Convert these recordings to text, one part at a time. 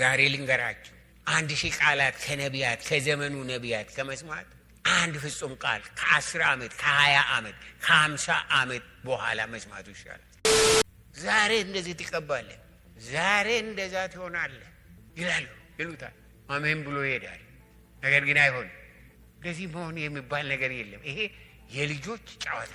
ዛሬ ልንገራችሁ አንድ ሺህ ቃላት ከነቢያት ከዘመኑ ነቢያት ከመስማት አንድ ፍጹም ቃል ከአስር ዓመት ከሀያ ዓመት ከሀምሳ ዓመት በኋላ መስማቱ ይሻላል። ዛሬ እንደዚህ ትቀባለህ፣ ዛሬ እንደዛ ትሆናለህ ይላሉ ይሉታል። አሜን ብሎ ይሄዳል። ነገር ግን አይሆንም። እንደዚህ መሆን የሚባል ነገር የለም። ይሄ የልጆች ጨዋታ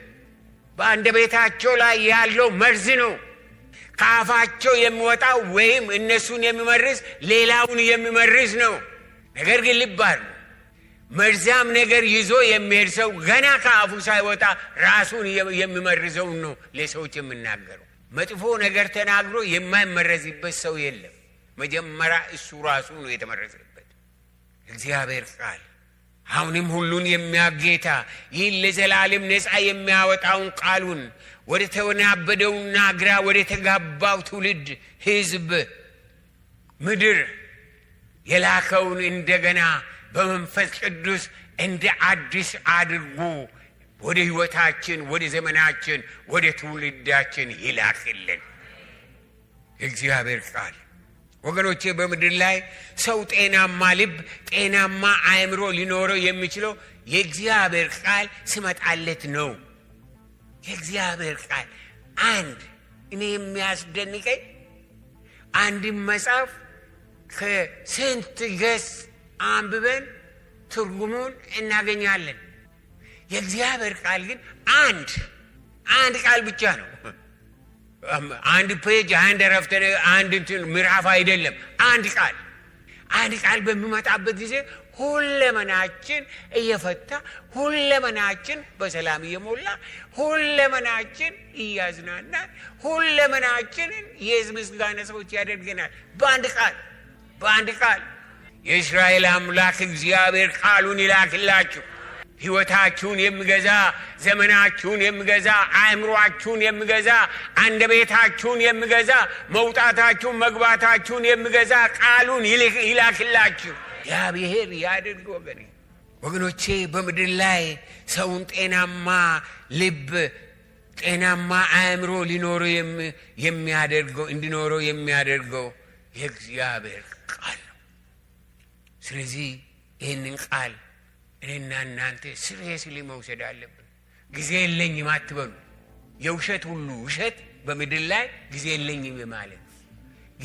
በአንድ ቤታቸው ላይ ያለው መርዝ ነው። ከአፋቸው የሚወጣው ወይም እነሱን የሚመርዝ ሌላውን የሚመርዝ ነው። ነገር ግን ልብ ነው መርዛም ነገር ይዞ የሚሄድ ሰው ገና ከአፉ ሳይወጣ ራሱን የሚመርዘውን ነው ለሰዎች የሚናገረው። መጥፎ ነገር ተናግሮ የማይመረዝበት ሰው የለም። መጀመሪያ እሱ ራሱ ነው የተመረዘበት እግዚአብሔር ቃል አሁንም ሁሉን የሚያጌታ ይህን ለዘላለም ነፃ የሚያወጣውን ቃሉን ወደ ተወናበደውና ግራ ወደ ተጋባው ትውልድ ህዝብ ምድር የላከውን እንደገና በመንፈስ ቅዱስ እንደ አዲስ አድርጎ ወደ ህይወታችን፣ ወደ ዘመናችን፣ ወደ ትውልዳችን ይላክልን እግዚአብሔር ቃል ወገኖቼ በምድር ላይ ሰው ጤናማ ልብ፣ ጤናማ አእምሮ ሊኖረው የሚችለው የእግዚአብሔር ቃል ስመጣለት ነው። የእግዚአብሔር ቃል አንድ እኔ የሚያስደንቀኝ አንድም መጽሐፍ ከስንት ገጽ አንብበን ትርጉሙን እናገኛለን። የእግዚአብሔር ቃል ግን አንድ አንድ ቃል ብቻ ነው። አንድ ፔጅ አንድ ረፍተ አንድ እንትን ምዕራፍ አይደለም፣ አንድ ቃል አንድ ቃል በሚመጣበት ጊዜ ሁለመናችን እየፈታ ሁለመናችን በሰላም እየሞላ ሁለመናችን እያዝናና ሁለመናችንን የሕዝብ ምስጋና ሰዎች ያደርገናል። በአንድ ቃል በአንድ ቃል የእስራኤል አምላክ እግዚአብሔር ቃሉን ይላክላችሁ። ህይወታችሁን የምገዛ ዘመናችሁን የምገዛ አእምሯችሁን የምገዛ ቤታችሁን የምገዛ መውጣታችሁን መግባታችሁን የምገዛ ቃሉን ይላክላችሁ። እግዚአብሔር ያድርግ ወገን ወገኖቼ በምድር ላይ ሰውን ጤናማ ልብ ጤናማ አእምሮ ሊኖሩ የሚያደርገው እንዲኖረው የሚያደርገው የእግዚአብሔር ቃል ነው። ስለዚህ ይህንን ቃል እኔና እናንተ ስሬስሊ መውሰድ አለብን። ጊዜ የለኝም አትበሉ። የውሸት ሁሉ ውሸት በምድር ላይ ጊዜ የለኝም ማለት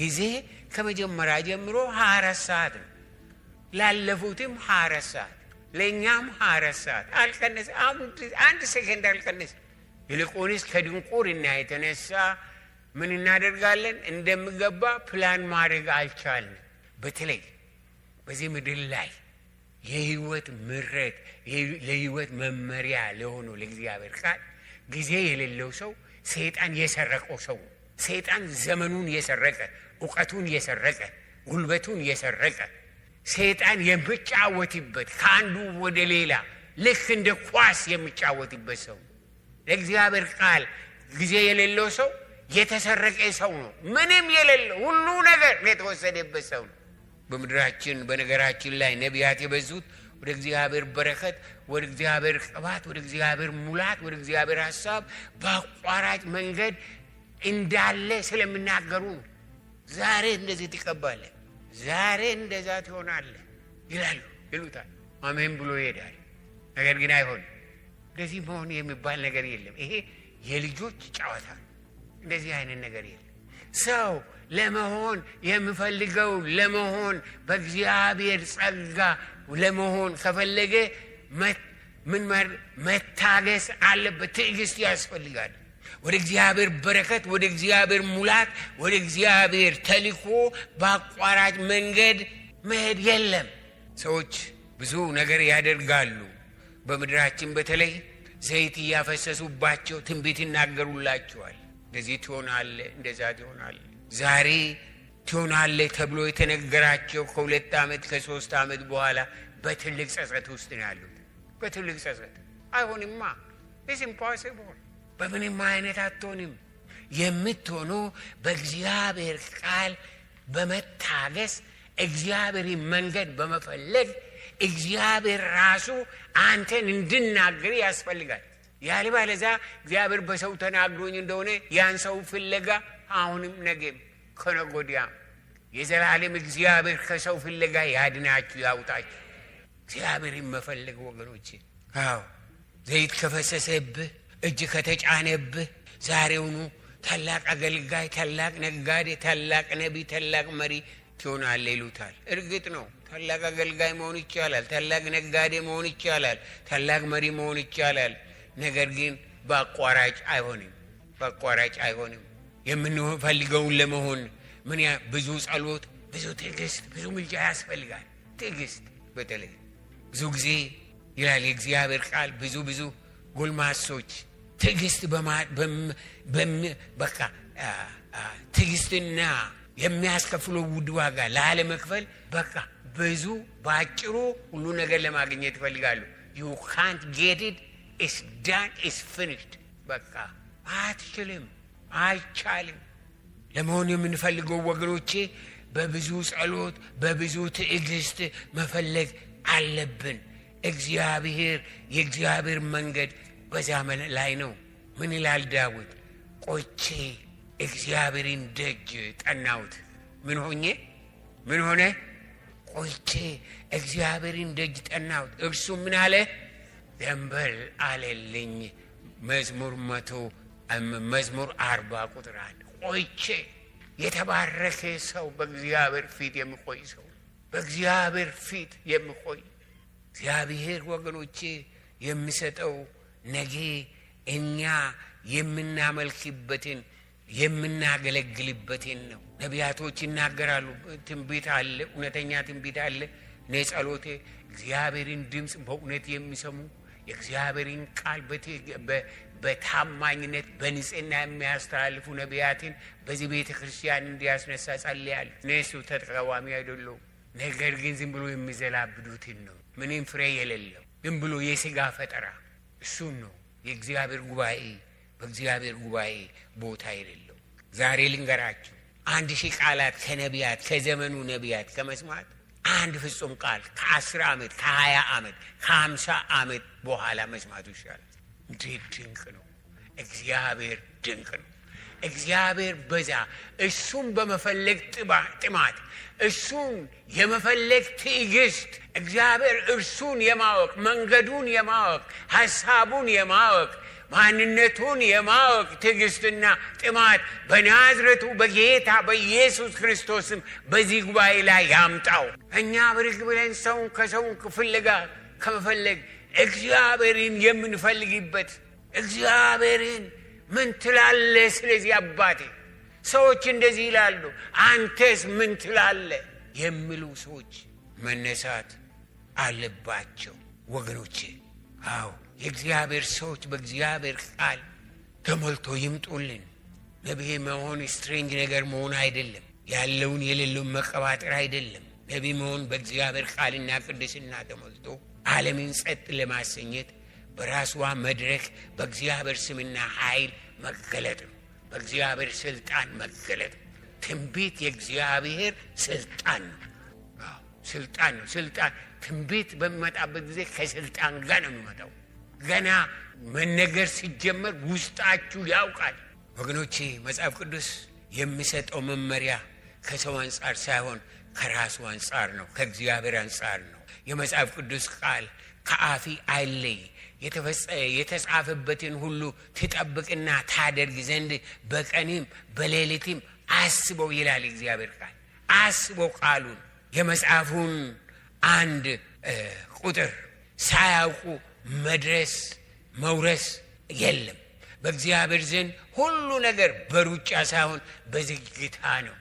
ጊዜ ከመጀመሪያ ጀምሮ ሀያ አራት ሰዓት ነው። ላለፉትም ሀያ አራት ሰዓት ለእኛም ሀያ አራት ሰዓት አልቀነስ፣ አንድ ሴከንድ አልቀነስ። ይልቁንስ ከድንቁርና የተነሳ ምን እናደርጋለን እንደሚገባ ፕላን ማድረግ አልቻልንም። በተለይ በዚህ ምድር ላይ የህይወት ምረት ለህይወት መመሪያ ለሆኑ ለእግዚአብሔር ቃል ጊዜ የሌለው ሰው ሰይጣን የሰረቀው ሰው ሰይጣን ዘመኑን የሰረቀ እውቀቱን የሰረቀ ጉልበቱን የሰረቀ ሰይጣን የሚጫወትበት ከአንዱ ወደ ሌላ ልክ እንደ ኳስ የሚጫወትበት ሰው ለእግዚአብሔር ቃል ጊዜ የሌለው ሰው የተሰረቀ ሰው ነው። ምንም የሌለው ሁሉ ነገር የተወሰደበት ሰው ነው። በምድራችን በነገራችን ላይ ነቢያት የበዙት ወደ እግዚአብሔር በረከት፣ ወደ እግዚአብሔር ቅባት፣ ወደ እግዚአብሔር ሙላት፣ ወደ እግዚአብሔር ሀሳብ በአቋራጭ መንገድ እንዳለ ስለሚናገሩ ዛሬ እንደዚህ ትቀባለ፣ ዛሬ እንደዛ ትሆናለ ይላሉ ይሉታል። አሜን ብሎ ይሄዳል። ነገር ግን አይሆንም። እንደዚህ መሆን የሚባል ነገር የለም። ይሄ የልጆች ጨዋታ። እንደዚህ አይነት ነገር የለም ሰው ለመሆን የምፈልገው ለመሆን በእግዚአብሔር ጸጋ ለመሆን ከፈለገ ምንመር መታገስ አለበት። ትዕግስት ያስፈልጋል። ወደ እግዚአብሔር በረከት፣ ወደ እግዚአብሔር ሙላት፣ ወደ እግዚአብሔር ተልኮ በአቋራጭ መንገድ መሄድ የለም። ሰዎች ብዙ ነገር ያደርጋሉ። በምድራችን በተለይ ዘይት እያፈሰሱባቸው ትንቢት ይናገሩላቸዋል። እንደዚህ ትሆናለ፣ እንደዛ ትሆናለ። ዛሬ ትሆናለህ ተብሎ የተነገራቸው ከሁለት ዓመት ከሶስት ዓመት በኋላ በትልቅ ጸጸት ውስጥ ነው ያሉት። በትልቅ ጸጸት አይሆንማ፣ ኢትስ ኢምፖሲብል፣ በምንም አይነት አትሆንም። የምትሆኑ በእግዚአብሔር ቃል በመታገስ እግዚአብሔርን መንገድ በመፈለግ እግዚአብሔር ራሱ አንተን እንድናገር ያስፈልጋል። ያህል ባለዛ እግዚአብሔር በሰው ተናግሮኝ እንደሆነ ያን ሰው ፍለጋ አሁንም ነገም ከነጎዲያ የዘላለም እግዚአብሔር ከሰው ፍለጋ ያድናችሁ ያውጣችሁ። እግዚአብሔር መፈለግ ወገኖች፣ አዎ ዘይት ከፈሰሰብህ እጅ ከተጫነብህ ዛሬውኑ ታላቅ አገልጋይ፣ ታላቅ ነጋዴ፣ ታላቅ ነቢ፣ ታላቅ መሪ ትሆናለ ይሉታል። እርግጥ ነው ታላቅ አገልጋይ መሆን ይቻላል። ታላቅ ነጋዴ መሆን ይቻላል። ታላቅ መሪ መሆን ይቻላል። ነገር ግን በአቋራጭ አይሆንም፣ በአቋራጭ አይሆንም። የምንፈልገውን ለመሆን ምን ብዙ ጸሎት፣ ብዙ ትዕግስት፣ ብዙ ምልጃ ያስፈልጋል። ትዕግስት በተለይ ብዙ ጊዜ ይላል የእግዚአብሔር ቃል ብዙ ብዙ ጎልማሶች ትዕግስት በቃ ትዕግስትና የሚያስከፍለው ውድ ዋጋ ላለመክፈል በቃ ብዙ በአጭሩ ሁሉ ነገር ለማግኘት ይፈልጋሉ። ዩ ካንት ጌት ኢት ኢስ ዳን ኢስ ፊኒሽድ በቃ አትችልም፣ አይቻልም። ለመሆኑ የምንፈልገው ወገኖቼ በብዙ ጸሎት፣ በብዙ ትዕግስት መፈለግ አለብን። እግዚአብሔር የእግዚአብሔር መንገድ በዛ ላይ ነው። ምን ይላል ዳዊት? ቆቼ እግዚአብሔርን ደጅ ጠናውት ምን ሆኜ ምን ሆነ? ቆቼ እግዚአብሔርን ደጅ ጠናሁት። እርሱ ምን አለ? ደንበል አለልኝ መዝሙር መቶ መዝሙር አርባ ቁጥር አንድ ቆይቼ የተባረከ ሰው በእግዚአብሔር ፊት የሚቆይ ሰው በእግዚአብሔር ፊት የሚቆይ እግዚአብሔር ወገኖቼ የሚሰጠው ነገ እኛ የምናመልክበትን የምናገለግልበትን ነው። ነቢያቶች ይናገራሉ። ትንቢት አለ፣ እውነተኛ ትንቢት አለ። እኔ ጸሎቴ እግዚአብሔርን ድምፅ በእውነት የሚሰሙ የእግዚአብሔርን ቃል በታማኝነት በንጽህና የሚያስተላልፉ ነቢያትን በዚህ ቤተ ክርስቲያን እንዲያስነሳ ጸልያል እነሱ ተቃዋሚ አይደሉም። ነገር ግን ዝም ብሎ የሚዘላብዱትን ነው፣ ምንም ፍሬ የሌለው ዝም ብሎ የስጋ ፈጠራ። እሱን ነው የእግዚአብሔር ጉባኤ በእግዚአብሔር ጉባኤ ቦታ የሌለው። ዛሬ ልንገራችሁ አንድ ሺህ ቃላት ከነቢያት ከዘመኑ ነቢያት ከመስማት አንድ ፍጹም ቃል ከአስር ዓመት ከሀያ ዓመት ከሀምሳ ዓመት በኋላ መስማቱ ይሻላል። እንዴት ድንቅ ነው! እግዚአብሔር ድንቅ ነው። እግዚአብሔር በዛ እሱን በመፈለግ ጥማት፣ እሱን የመፈለግ ትዕግስት፣ እግዚአብሔር እርሱን የማወቅ መንገዱን የማወቅ ሀሳቡን የማወቅ ማንነቱን የማወቅ ትዕግስትና ጥማት በናዝረቱ በጌታ በኢየሱስ ክርስቶስም በዚህ ጉባኤ ላይ ያምጣው። እኛ ብርግ ብለን ሰውን ከሰውን ፍለጋ ከመፈለግ እግዚአብሔርን የምንፈልግበት እግዚአብሔርን ምን ትላለ ስለዚህ አባቴ ሰዎች እንደዚህ ይላሉ፣ አንተስ ምን ትላለ የሚሉ ሰዎች መነሳት አለባቸው ወገኖቼ። አዎ የእግዚአብሔር ሰዎች በእግዚአብሔር ቃል ተሞልቶ ይምጡልን። ነቢይ መሆን ስትሬንጅ ነገር መሆን አይደለም። ያለውን የሌለውን መቀባጠር አይደለም። ነቢይ መሆን በእግዚአብሔር ቃልና ቅድስና ተሞልቶ ዓለምን ጸጥ ለማሰኘት በራሷ መድረክ በእግዚአብሔር ስምና ኃይል መገለጥ ነው። በእግዚአብሔር ስልጣን መገለጥ ነው። ትንቢት የእግዚአብሔር ስልጣን ነው። ስልጣን ነው። ስልጣን ትንቢት በሚመጣበት ጊዜ ከስልጣን ጋር ነው የሚመጣው። ገና መነገር ሲጀመር ውስጣችሁ ያውቃል። ወገኖቼ መጽሐፍ ቅዱስ የሚሰጠው መመሪያ ከሰው አንጻር ሳይሆን ከራሱ አንጻር ነው፣ ከእግዚአብሔር አንጻር ነው። የመጽሐፍ ቅዱስ ቃል ከአፊ አይለይ፣ የተጻፈበትን ሁሉ ትጠብቅና ታደርግ ዘንድ በቀንም በሌሊትም አስበው ይላል እግዚአብሔር ቃል። አስበው ቃሉን የመጽሐፉን አንድ ቁጥር ሳያውቁ መድረስ መውረስ የለም። በእግዚአብሔር ዘንድ ሁሉ ነገር በሩጫ ሳይሆን በዝግታ ነው።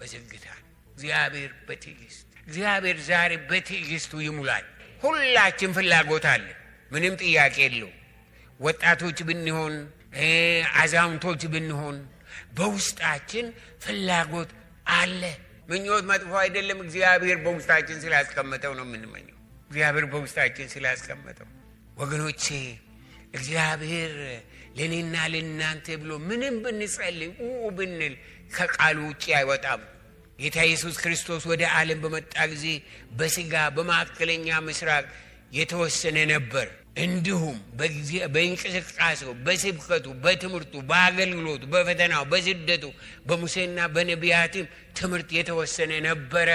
በዝግታ እግዚአብሔር በትዕግስት እግዚአብሔር ዛሬ በትዕግስቱ ይሙላል። ሁላችን ፍላጎት አለ፣ ምንም ጥያቄ የለው። ወጣቶች ብንሆን አዛውንቶች ብንሆን በውስጣችን ፍላጎት አለ። ምኞት መጥፎ አይደለም። እግዚአብሔር በውስጣችን ስላስቀመጠው ነው የምንመኘው። እግዚአብሔር በውስጣችን ስላስቀመጠው ወገኖቼ፣ እግዚአብሔር ለእኔና ለእናንተ ብሎ ምንም ብንጸልይ ብንል ከቃሉ ውጭ አይወጣም። ጌታ ኢየሱስ ክርስቶስ ወደ ዓለም በመጣ ጊዜ በስጋ በመካከለኛ ምስራቅ የተወሰነ ነበር። እንዲሁም በእንቅስቃሴው፣ በስብከቱ፣ በትምህርቱ፣ በአገልግሎቱ፣ በፈተናው፣ በስደቱ በሙሴና በነቢያትም ትምህርት የተወሰነ ነበረ።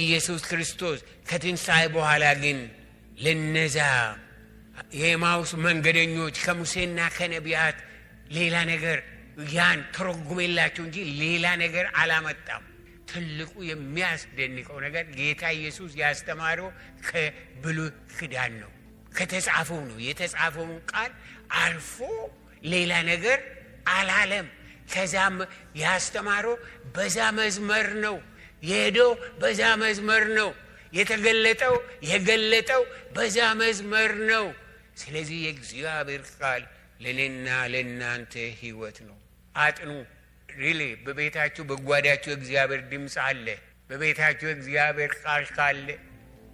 ኢየሱስ ክርስቶስ ከትንሣኤ በኋላ ግን ለነዛ የኤማውስ መንገደኞች ከሙሴና ከነቢያት ሌላ ነገር ያን ተረጉሜላቸው እንጂ ሌላ ነገር አላመጣም። ትልቁ የሚያስደንቀው ነገር ጌታ ኢየሱስ ያስተማረው ከብሉይ ኪዳን ነው፣ ከተጻፈው ነው። የተጻፈው ቃል አልፎ ሌላ ነገር አላለም። ከዛ ያስተማረው በዛ መዝመር ነው የሄደው፣ በዛ መዝመር ነው የተገለጠው፣ የገለጠው በዛ መዝመር ነው። ስለዚህ የእግዚአብሔር ቃል ለእኔና ለእናንተ ሕይወት ነው። አጥኑ። ሪሊ በቤታችሁ በጓዳችሁ የእግዚአብሔር ድምፅ አለ። በቤታችሁ እግዚአብሔር ቃል ካለ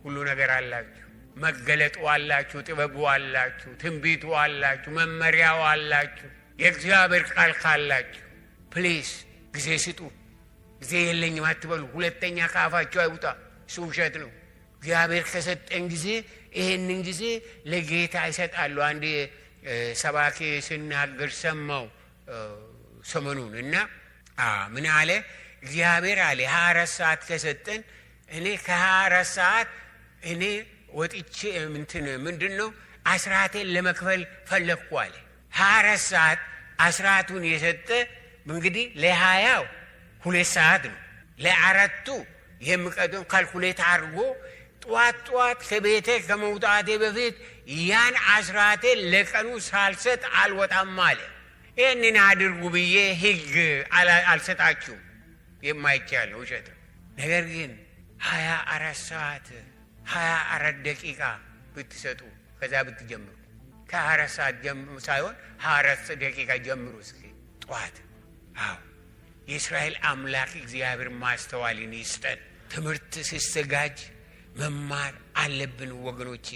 ሁሉ ነገር አላችሁ። መገለጡ አላችሁ፣ ጥበቡ አላችሁ፣ ትንቢቱ አላችሁ፣ መመሪያው አላችሁ። የእግዚአብሔር ቃል ካላችሁ ፕሊስ ጊዜ ስጡ። ጊዜ የለኝም አትበሉ። ሁለተኛ ከአፋችሁ አይውጣ፣ እሱ ውሸት ነው። እግዚአብሔር ከሰጠን ጊዜ ይሄንን ጊዜ ለጌታ ይሰጣሉ። አንድ ሰባኬ ስናገር ሰማው ሰሞኑን እና ምን አለ እግዚአብሔር አለ ሀያ አራት ሰዓት ከሰጠን እኔ ከሀያ አራት ሰዓት እኔ ወጥቼ እንትን ምንድን ነው አስራቴን ለመክፈል ፈለግኩ አለ ሀያ አራት ሰዓት አስራቱን የሰጠ እንግዲህ ለሀያው ሁለት ሰዓት ነው ለአራቱ የሚቀደም ካልኩሌት አድርጎ ጠዋት ጠዋት ከቤተ ከመውጣቴ በፊት ያን አስራቴን ለቀኑ ሳልሰጥ አልወጣም አለ ይህንን አድርጉ ብዬ ህግ አልሰጣችሁም። የማይቻል ውሸት ነው። ነገር ግን ሀያ አራት ሰዓት ሀያ አራት ደቂቃ ብትሰጡ ከዛ ብትጀምሩ ከሀያ አራት ሰዓት ሳይሆን ሀያ አራት ደቂቃ ጀምሩ እስኪ ጠዋት። አዎ የእስራኤል አምላክ እግዚአብሔር ማስተዋልን ይስጠን። ትምህርት ሲዘጋጅ መማር አለብን ወገኖቼ፣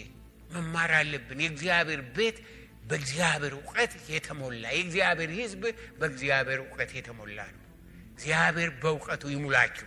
መማር አለብን የእግዚአብሔር ቤት በእግዚአብሔር እውቀት የተሞላ የእግዚአብሔር ህዝብ በእግዚአብሔር እውቀት የተሞላ ነው። እግዚአብሔር በእውቀቱ ይሙላችሁ።